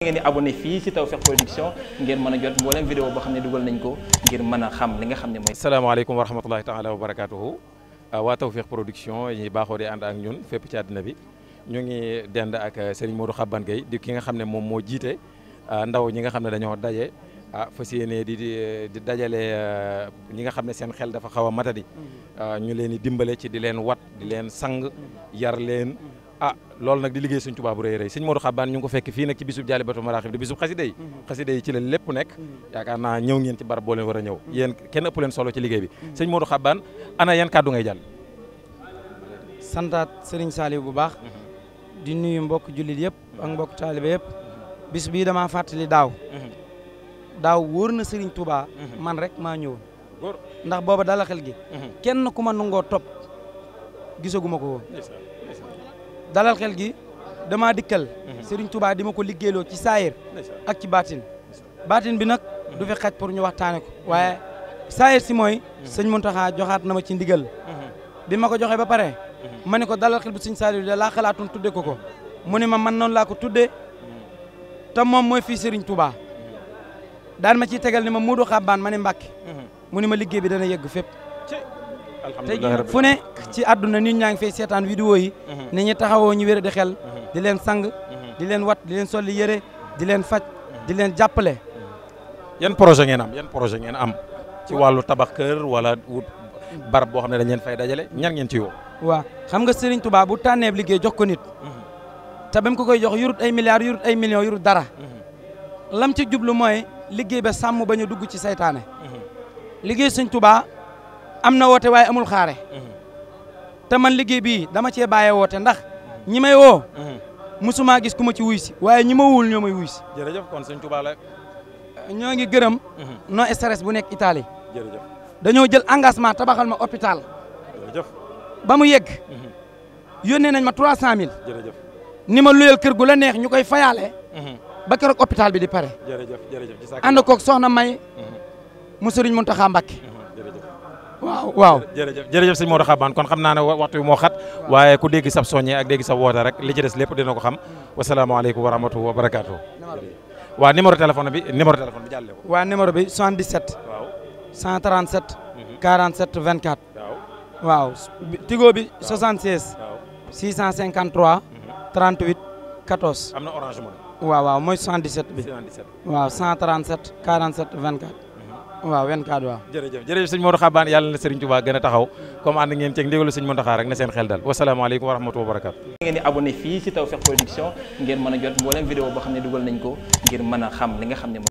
ngeen di abonné fii ci Tawfekh Production ngeen mën a jot mboolem vidéo boo xam ne dugal nañ ko ngir mën a xam li nga xam ne mooy asalaamaaleykum wa rahmatullahi taala wa barakaatuhu ah, waa Tawfekh Production yi baaxoo di ànd ak ñun fépp ci àddina bi ñu ngi dend ak ah, Serigne Modou Xabane Gueye di ki nga xam ne moom moo jiite ah, ndaw ñi nga xam ne dañoo daje ah fas yéene di di dajale ñi nga xam ne seen xel dafa xaw a matadi mm-hmm. ñu leen di dimbale ci di leen wat di leen sang mm-hmm. yar leen ah loolu nag di liggéey sëñ Tuubaa bu rëy rëy sëñ Modou Xabaan ñu ngi ko fekk fii nag ci bisub Jaalibatul Maraaxib di bisub xasida mm-hmm. ci la lépp nekk mm-hmm. yaakaar naa ñëw ngeen ci barab boo leen war a ñëw mm-hmm. yéen kenn ëpp leen solo ci liggéey bi sëñ Modou Xabaan ana yan kàddu ngay jàll santaat sëriñ Saliou bu baax di nuyu mbokk jullit yëpp ak mbokk taalibe yëpp bis bii damaa fàttali daaw daaw wóor na sëriñ tubaa man rek maa ñëwoon ndax booba dala xel gi kenn ku ma nangoo topp ko dalal xel gi damaa dikkal Serigne Touba di ma ko liggéeyloo ci saayir ak ci baatin baatin bi nag du fi xaj pour ñu waxtaane ko waaye saayir si mooy sëñ Mountakha joxaat na ma ci ndigal bi ma ko joxe ba pare ma ne ko dalal xel bu sëñ Saliou da laa xalaatoon tudde ko ko mu ne ma man noonu laa ko tuddee te moom mooy fii Serigne Touba daan ma ciy tegal ne ma Modou Xabaan ma ne Mbàkke mu ne ma liggéey bi dana yegg fépp tey jii fu ni ci àdduna nit ñaa ngi fay seetaan vidéo yi mhm. ni ñu taxawoo ñu wér di xel mhm. di leen sang mhm. di leen wat di leen solli yére di leen faj di leen jàppale yan projet ngeen am yan projet ngeen am ci wàllu tabax kër wala wut barab boo xam ne dañ leen fay dajale ñan ngeen ci woo waaw xam nga Serigne Touba bu tànneeb liggéey jox ko nit te ba mu ko koy jox yurut ay milliards yurut ay millions yurut dara lam si jublu mooy liggéey ba sàmm ba ñu dugg ci seytaane liggéey Serigne Touba am na woote waaye amul xaare mm-hmm. te man liggéey bii dama cee bàyyee woote ndax ñi may woo mm-hmm. musuma gis ku ma ci wuy waaye ñi ma wul ñoo may wuy jërëjëf kon sëñ Touba la eh, ñoo ngi gërëm mm-hmm. non stress bu nekk itaali jërëjëf dañoo jël engagement tabaxal ma hôpital ba mu yegg nee nañ ma trois cent mille ni ma luyal kër gu la neex ñu koy fayaale ba keroog hôpital bi di pare jërëjëf jërëjëf ànd koog soxna May mu sëriñ Muntaxa Mbàkke waaw waaw jërëjëf jërëjëf sëñ Modou Xabaan kon xam naa ne waxtu bi moo xat waaye ku dégg sab soññe ak dégg sab woote rek li ci des lépp dina ko xam wasalaamaaleykum wa rahmatulah wa barakaatu. waaw numéro bi numéro téléphone bi jàlle ko. waaw numéro bi 77. waaw 137. 47 24. waaw waaw tigo bi waaw 653. waaw waaw 24 waaw jërëjëf jërëjëf sëñ Modou Xabaan yàlla na sëriñ Tuubaa gën a taxaw comme ànd ngeen ceeg ndigalu sëñ Mountakha rek na seen xel dal wasalaamaaleykum wa rahmatullahi wa barakaatu ngeen di abonné fii si Tawfekh Production ngeen mën a jot mboolem vidéo boo xam ne dugal nañ ko ngir mën a xam li nga xam ne